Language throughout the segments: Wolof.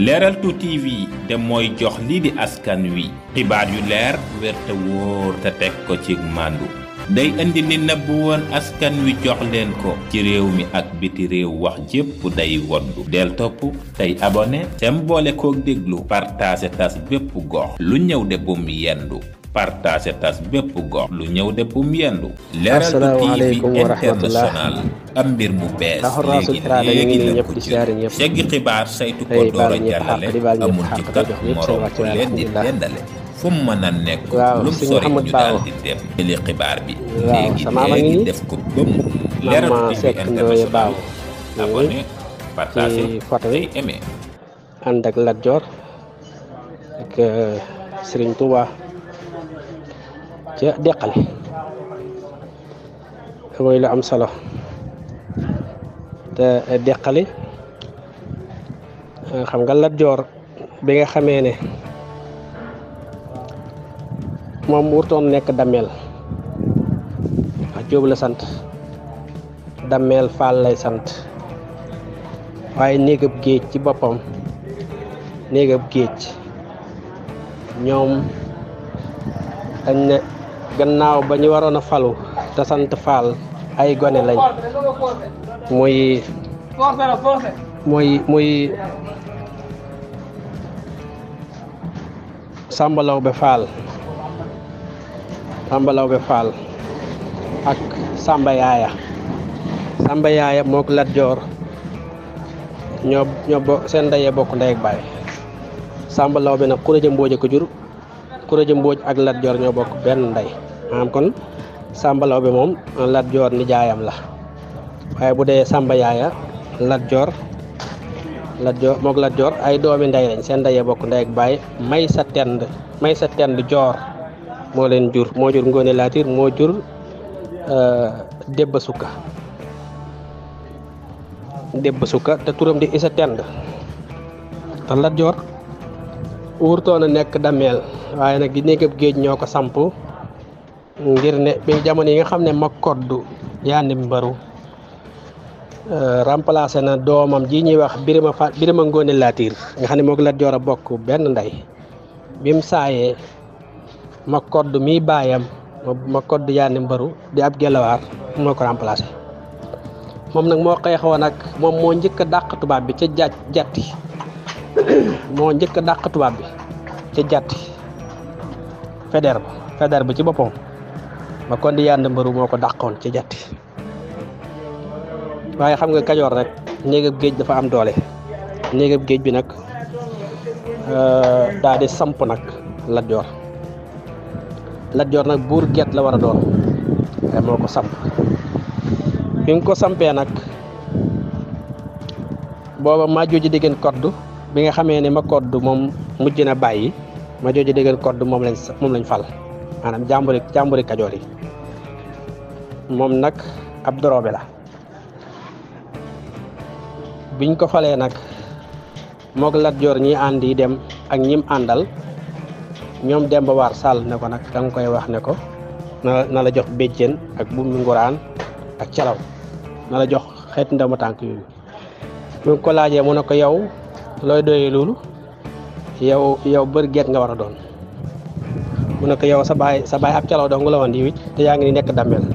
leeral tuuti TV te mooy jox lii di askan wi xibaar yu leer wér te wóor te teg ko ci màndu day indi li nëbb woon askan wi jox leen ko ci réew mi ak biti réew wax jépp day woddu del topp tey abone tem boole kook déglu partage tas bépp gox lu ñëw de bum yendu partage tas bépp gox lu ñëw dëppum yendu leeral bi tv international am mbir mu bees léegi léegi la ko jël seggi xibaar saytu ko door a jàllale amul ci kat morom leen di dendale fu mën a nekk lu mu sori ñu daal di dem jëli xibaar bi léegi léegi def ko bëm leeral tv international abonné partage tey aimé ànd ak Lat ca deqale mooy lu am solo te deqali euh, xam nga Lat Joor bi nga xamee ne moom wurtoon nekk dammeel wax Jóob la sant dammeel Faal lay sant waaye néegab géej ci boppam néegab géej ñoom dañ ne gannaaw ba ñu waroon a falu te sant Fall ay gone lañ muy muy muy Samba Laobé Fall Samba Laobé Fall ak Samba Yaaya Samba Yaaya mook Lat ñoo ñoo seen ndeyee bokk ndey ak baay Samba Laobé nag Kuraja Mbooj a ko jur Kuraja Mbooj ak Lat Joor ñoo bokk benn ndey maanaam kon Sàmba bi moom Lat nijaayam la waaye bu dee Sàmba Yaaya Lat Joor Lat Joor moog ay doomi ndey lañ seen ndeyee bokk ndey ak baay may sa tend may sa tend joor moo leen jur moo jur Ngoone Laatiir moo jur euh, Debba Sukka Debba Sukka te turam di isa tend te Lat Joor wurtoon a nekk dameel waaye nag di néegab géej ñoo ko samp ngir ne bi jamono yi nga ma koddu ya ni Mbaru euh, remplacer na domam ji ñi wax Birima Fa Birima ngone latir nga xamne ne la jora bok ben nday bim bim ma koddu mi koddu ya ni Mbaru di ab gelawar mo ko remplacer mom nak mo xex won nak mom mo ñeuk dàq tubab bi ci jatti mo ñeuk a tubab bi ci jatti feder ba feder ba ci bopom ma kon di yànd mbëru moo ko dàqoon ci jatti waaye xam nga kajoor rek néegab géej dafa am doole néegab géej bi nag euh, daa di samp nag Lat Joor Lat Joor nag buur geet la war a doon waaye moo ko samp bi nga ko sampee nag booba Majooji Degen Kodd bi nga xamee ni ma Kodd moom mujj na bàyyi Majooji Degen Kodd moom lañ moom lañ fal maanaam jàmburi jàmburi kajoor yi mom nak ab drobe la biñ ko xalé nak mok Lat jor ñi andi dem ak ñim ñom dem wah War sal ne ko nak dang koy wax ne ko na la jox béjjén ak mi ngoran ak cialaw na la jox xet ndamu tank yu ñu ko laaje mu ne ko yow loy doye loolu yow yow bër geet nga wara doon mu ne ko yow sa bay sa bay ab dong la won di te ni nek damel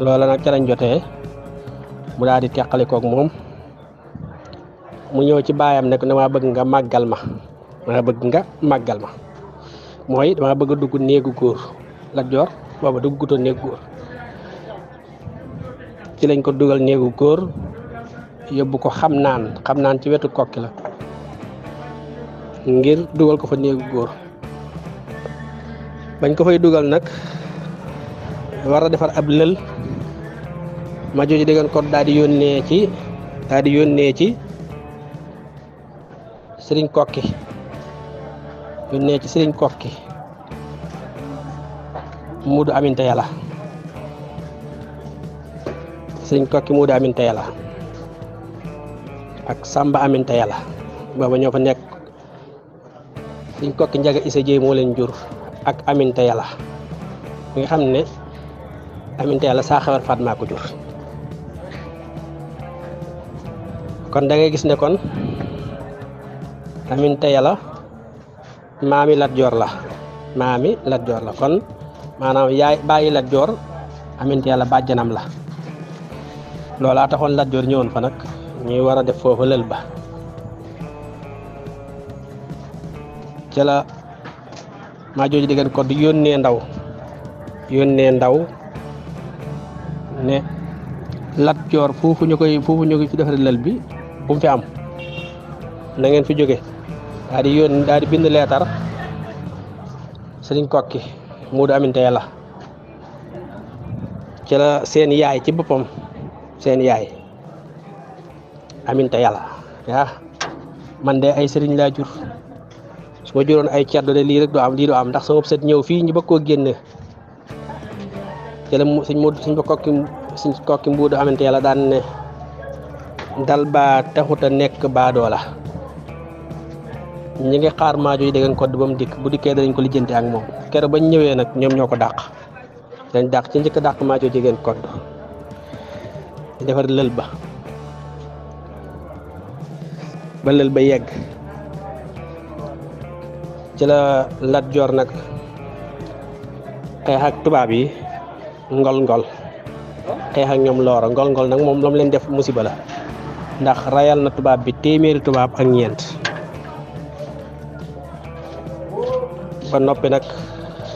loola na ca lañ jotee mu daal di teqalikook moom mu ñëw ci baayam nekk na damaa bëgg nga màggal ma damaa bëgg nga màggal ma mooy damaa bëgg a dugg néegu góor Lat Joor booba dugg gutoon néegu góor ci lañ ko dugal néegu góor yóbbu ko xam naan xam ci wetu kokki la ngir dugal ko fa néegu góor bañ ko fay dugal nag war a defar ab lël Maju joji degan ko daal yonne ci daal yonne ci serigne kokki yonne ci serigne kokki mudu amin tayala serigne kokki mudu amin tayala ak samba amin tayala baba ñofa nek serigne kokki njaga isa jey mo len jur ak amin tayala nga xamne amin tayala sa saa fatma ko jur kon da ngay gis ne kon amin tay la mami Lat jor la mami Lat jor la kon manam yaay bàyyi Lat jor amin tay la bàjjanam la lola taxone Lat jor ñewon fa nak ñi wara def fofu leel ba ci la ma joji digen ko yonne ndaw yonne ndaw ne Lat jor fofu ñukoy fofu ñukoy fi defal leel bi bu mu fi am na ngeen fi jóge daal di yónni daal di bind leetar sëriñ kokki mu du ci la seen yaay ci boppam seen yaay aminte yàlla yaa man de ay sëriñ laa jur su ma juróon ay ceddo de lii rek du am lii du am ndax sama sët ñëw fii ñu bëgg koo génne ci la suñ mu suñ ba kokki suñ kokki mbuudu aminte yàlla daan dal baa taxut a nekk baadoola ñi ngi xaar maajo yi dangeen ko ba mu dikk bu dikkee danañ ko lijjanti ak moom kero bañ ñëwee nag ñoom ñoo ko dàq dañ dàq ci njëkk dàq maajo jigéen kodd di defar lël ba ba yegg ci la Lat Joor nag xeex ak tubaab yi ngol ngol xeex ñoom loora ngol ngol nag moom lam leen def musiba la ndax rayal na tubaab bi téeméeri tubaab ak ñeent ba noppi nag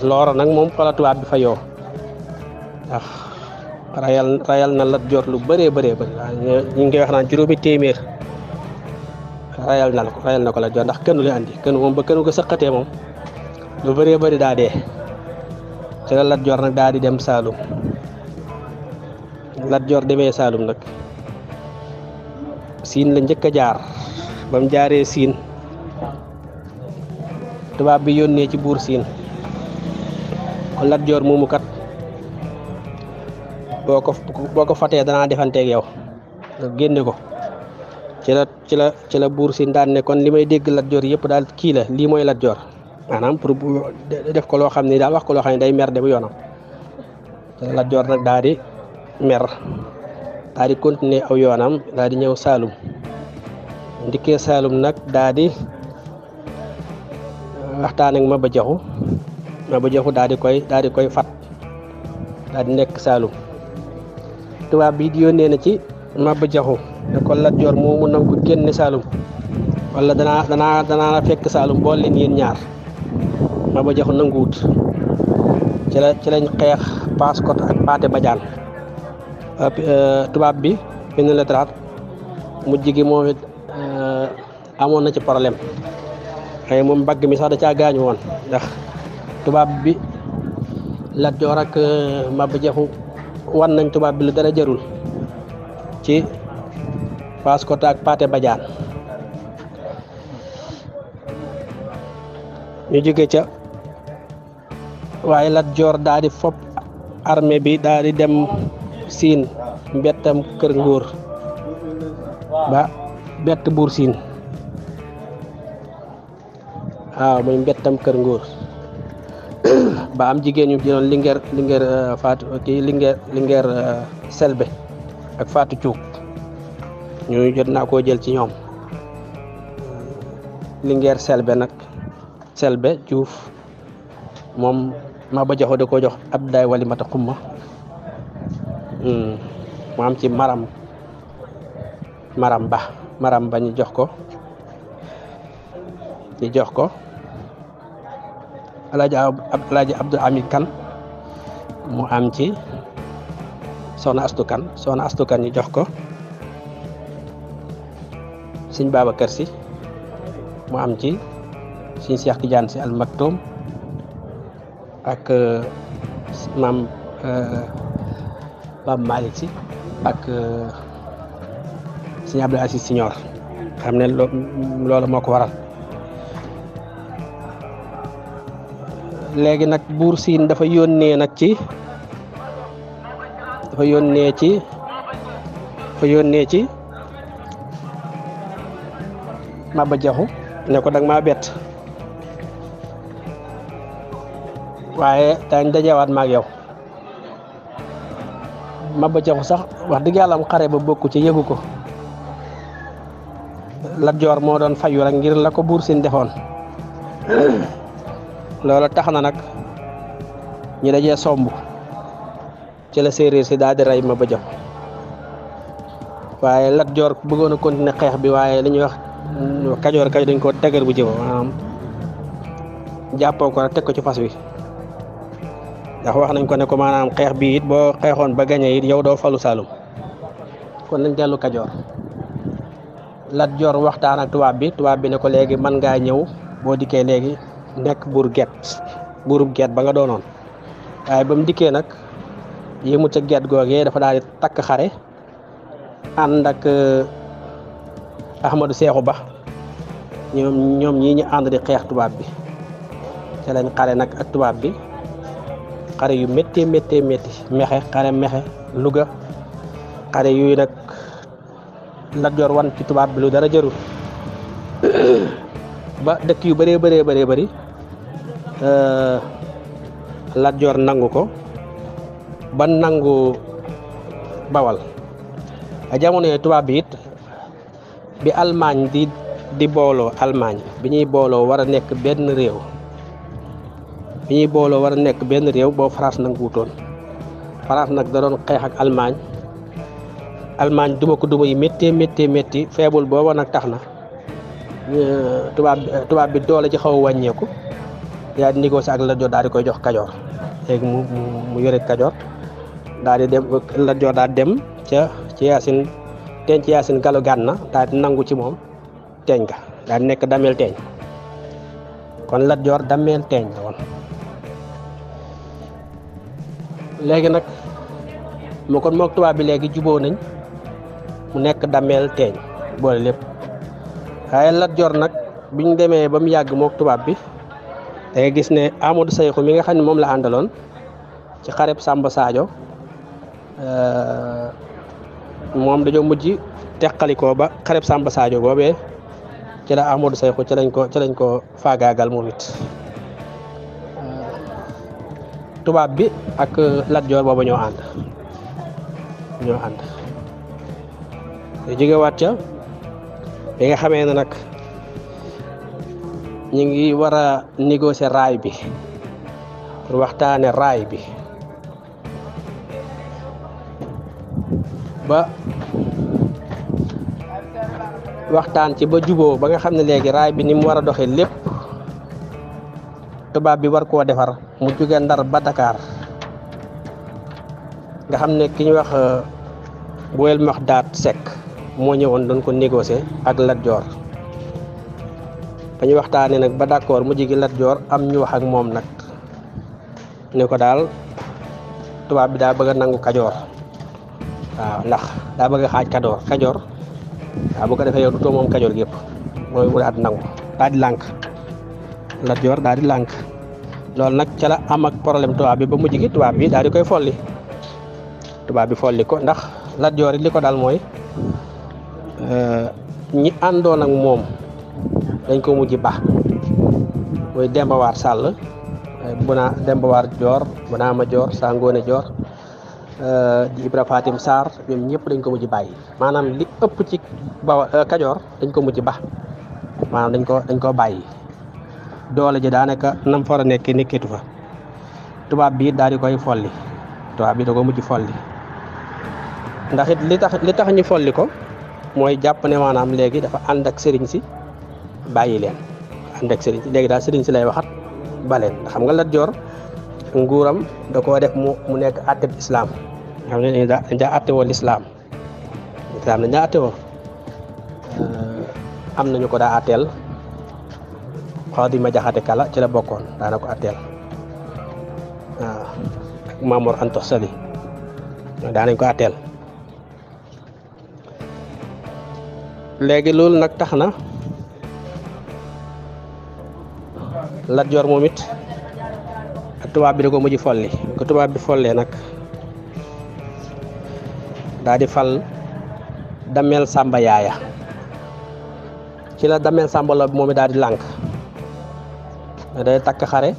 loora nag moom xala tubaab bi fa yoo ndax rayal rayal na la joor lu bëree bëree bëri ñu ngi wax naan juróomi téeméer rayal na ko rayal na ko la joor ndax kenn lu andi kenn moom ba kenn ko sëqatee moom lu bëree bëri daa dee ci la lat jor nag daa di dem saalum lat jor demee saalum nag Sin la njëkk jaar ba mu jaaree siin tubaab bi yónnee ci buur siin kon Lat Joor moomu kat boo ko boo ko fatee danaa defanteeg yow nga génne ko ci la ci la ci la buur siin daan ne kon li may dégg Lat Joor yëpp daal kii la lii mooy Lat Joor maanaam pour def ko loo xam ne daal wax ko loo xam day mer de bu yoonam Lat Joor nag mer daal di aw yoonam daal di ñëw Saalum ndikkee Saalum nag daal euh, waxtaan ak Maba Jaxu Maba Jaxu dadi koy daal koy fat daal di nekk Saalum tubaab bi di yónnee na ci Maba Jaxu ne ko Lat Joor dana dana ko génne Saalum wala danaa danaa danaa fekk Saalum bool leen yéen ñaar Maba Jaxu nanguwut ci la ci lañ xeex ak Paate Euh, tubaab bi bind lettre mujj gi moom it euh, amoon na ci problème xëy moom mbagg mi sax da caa gaañu woon ndax tubaab bi Lat Joor ma euh, Maba Jaxu wan nañ tubaab bi lu dara jarul ci Paoskoto ak Paate Badiane ñu jóge ca waaye Lat Joor daal di fopp bi daal dem siin mbettam kër ngóor ba bett buur siin waaw muy mbettam kër nguur ba am jigéen ñu jëloon lingeer lingeer euh, euh, selbe ak faatu cuuk ñu jot naa koo jël ci ñoom lingeer selbe nag selbe juuf moom ma ba joxo ko jox Abdoulaye Walimata Xumma mu hmm. am ci maram maram ba maram ba ñu jox ko ñu jox ko alaaji abdou kan mu am ci soxna astu kan soxna astu kan ñu jox ko sëñ si mu am ci sëñ cheikh tidiane si al maktoum ak euh, maam euh, Pape Malick si ak sëñ Abdou Aziz Signor xam ne loolu moo ko waral léegi nag buur siin dafa yónnee nag ci dafa yónnee ci dafa yónnee ci Maba Jaxu ne ko danga maa bett waaye daañ dajewaat maag yow Maba Jaxu sax wax dëgg yàlla am xare ba bokku ci yëgu ko Lat Joor moo doon fayu rek ngir lako ko buur siin defoon loolu tax na nag ñi daje somb ci la séeréer si daal di ma Maba Jaxu waaye Lat Joor bëggoon a continuer xeex bi waaye li wax kajoor kay dañ ko tegar bu jëw maanaam jàppoo ko teg ko ci wi ndax wax nañ ko ne ko manam xex bi it bo xexon ba gañe it yow do falu salum kon nañ delu kadior Lat jor waxtaan ak tuwab bi tuwab bi ne ko legi man nga ñew bo diké legi nek bur get bur get ba nga doonoon waaye ba mu dikkee nag yëmu ca get gogé dafa daal tak xaré and ak euh, Ahmadou cheikhou Ba ñom ñom ñi ñi and di xex tuwab bi ca lañ xaré nak ak tuwab bi xare yu metti metti metti mexe xare mexe luga xare yu nak la jor wan ci tubab bi lu dara jarul ba dekk yu bare bare bare bëri eh, Lat Joor nangu ko ba nangu bawal jamono tubab bi bi almagne di di bolo almagne bi bolo wara nek ben rew bi ñuy booloo war a nekk benn réew boo France nag wutoon nag da doon xeex ak Allemagne Allemagne duma ko duma yi méttee méttee métti feebul booba nag tax na euh, tubaab euh, tubaab bi doole ci xaw a wàññeeku yaa di négocier ak Lat Joor daal di koy jox Kajoor léegi mu mu yore Kajoor daal di dem ca ci Yaasin teeñ ci Yaasin Galu Gànna daal di nangu ci moom teeñ ga daal di nekk dameel teeñ kon Lat dameel teeñ léegi nag mu kon mook tubaab bi léegi juboo nañ mu nekk dameel teeñ boole lépp waaye Lat Joor nag biñ demee ba mu yàgg mook tubaab bi da nga gis ne Amadou Sayxu mi nga xam ne moom la àndaloon ci xareb Samba Sadio euh, moom dañoo mujj teqalikoo ba xareb Samba saajo boobee ci la Amadou Sayxu ci lañ ko ci lañ ko faagaagal moom it tubab bi ak ladjor bobu booba ñoo ànd ñoo jige jógewaat ca bi nga xamé nak ñi ngi wara négocier ray bi pour waxtane ray bi ba waxtan ci ba jubo ba nga xam ne ray bi ni mu war a tubaab bi war koo defar mu jóge Ndar ba Dakar nga xam ne ki ñu wax euh, Boyel Maxdaat Seck moo ñëwoon doon ko négocier ak Lat Joor ba ñu waxtaanee nag ba d'accord mu jigi Lat Joor am ñu wax ak moom nag ne ko daal tubaab bi daa bëgga a nangu Kajoor waaw ndax daa bëgg a xaaj Kajoor Kajoor waaw bu ko defee yow du too moom Kajoor gi yëpp mu daal nangu daal di la jor daal di lànk loolu nag ca la am ak problème tubaab bi ba mujj gi tubaab bi daal di koy folli tubaab bi folli ko ndax Lat jor li ko daal mooy eh, ñi àndoon ak moom dañ ko mujj ba mooy Demba War eh, bu naa Demba War bu naa ma jor saa jor. di eh, Ibra Fatim sar ñoom ñëpp dañ ko mujj bàyyi maanaam li ëpp ci ba dañ ko mujj ba maanaam dañ ko dañ ko bàyyi doole ji daanaka nam fa war a nekkee nekkeetu fa tubaab bi daal di koy folli tubaab bi da ko mujj folli ndax it li tax li tax ñu folli ko mooy jàpp ne maanaam léegi dafa ànd ak sëriñ si bàyyi leen ànd ak sëriñ si léegi daal sëriñ si lay waxat baleen xam nga Lat Joor nguuram da koo def mu mu nekk àtteb islaam xam ne woo lislaam islaam dañ daa am nañu ko daa àtteel ma Jaxate Kala ci la bokkoon daana ko atel ah Mamour Anta Sali daanañ ko atel legi lol nak taxna la jor momit moom it bi da ko mujj folli ko tuba bi folle nak daa di fal damel samba yaaya ci la damel samba lo momi it di day tak xare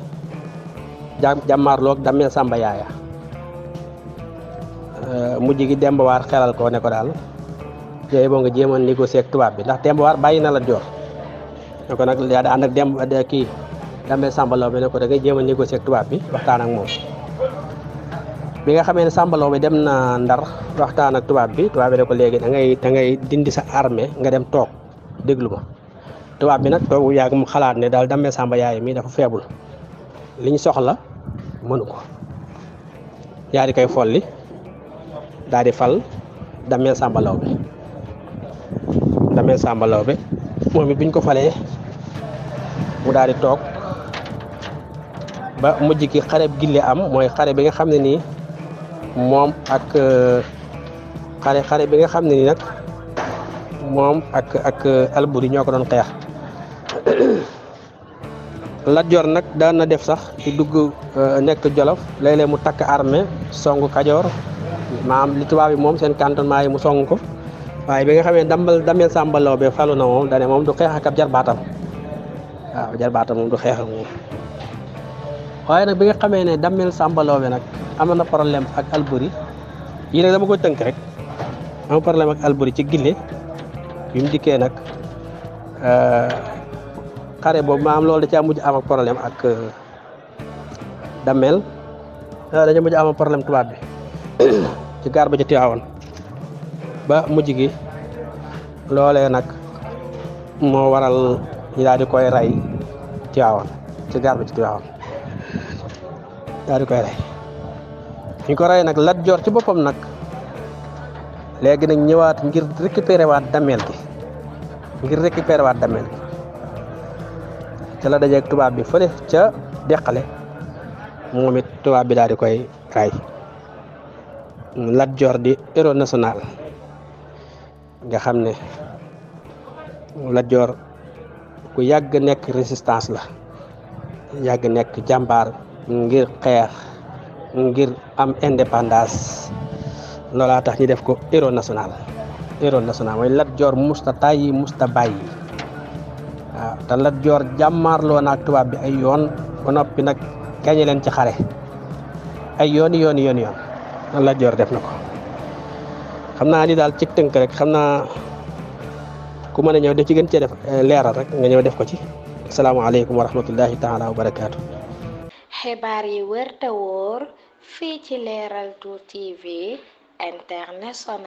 lok damé Samba ya, Yaaya eh, mujj gi Demba War xelal ko ne ko dal yooyu bo nga jéemoon négocier ak tuba bi ndax Demba War bayina la jor ne ko nak ya da and ak dem ki damé Samba Laobé ne ko da ngay jéem négocier ak tuba bi waxtaan ak mom bi nga xamé Samba Laobé dem na Ndar waxtaan ak tuba bi tuba bi ne ko léegi da ngay da ngay dindi sa armée nga dem tok tubaab bi nag toogu yàgg mu xalaat ne daal Dame Samba yaay mi dafa feebul liñ soxla mënu ko yaa di folli daal di fal Dame Samba bi Dame Samba Laobé moom it biñ ko falee mu daal di ba mujj ki xareb gille am mooy xare bi nga xam ne nii moom ak xare xare bi nga xam ne nii nag ak ak albu ñoo ko doon xeex Lat Joor nag daan na def sax di dugg eh, nek Jolof léeg mu tak armée songu kadior maam li tuba bi mom sen cantonnement yi mu song ko way bi nga xamé dambal damel sambalo be falu na mom dane mom du xex ak jar batam waaw batam mom du xex ak mom waaye nak bi nga xamé ne damel sambalo be nak amana problème ak Alburi yi nak dama ko teunk rek am problème ak Alburi ci gilé bi diké nak eh, xare boobu ma am loolu da caa mujj am ak problème ak euh, Damel ah, dañu mujj am problème tubaab bi ci gaar ba ci Tiwaawoon ba mujj gi loole nag moo waral ñu daal koy rey Tiwaawoon ci gaar ba ci Tiwaawoon daal di koy rey ñu ko rey nag Lat Joor ci boppam nag léegi nag ñëwaat ngir récupérer waat Damel gi ngir récupérer waat Damel te la dajeeg tubaab bi fële ca deqale momit it bi daal di koy ray Lat jor di euro national nga xam ne jor ku yàgg nek résistance la yàgg nek jambar ngir kaya ngir am indépendance lola tax ñi def ko héros national héros national moy Lat jor musta tayi musta bayyi Ah, ta la jor jamar lo nak tuba bi ay yon ko nopi nak kagne len ci xare ay yon yon yon yon ta la jor def nako xamna xam dal li daal ci teunk rek xamna ku meuna ñew ñëw def ci gën ci def eh, leeral rek nga ñew def ko ci alaykum wa rahmatullahi taala wa barakatuh xibaar yi wër te wóor ci Leral Tout TV international.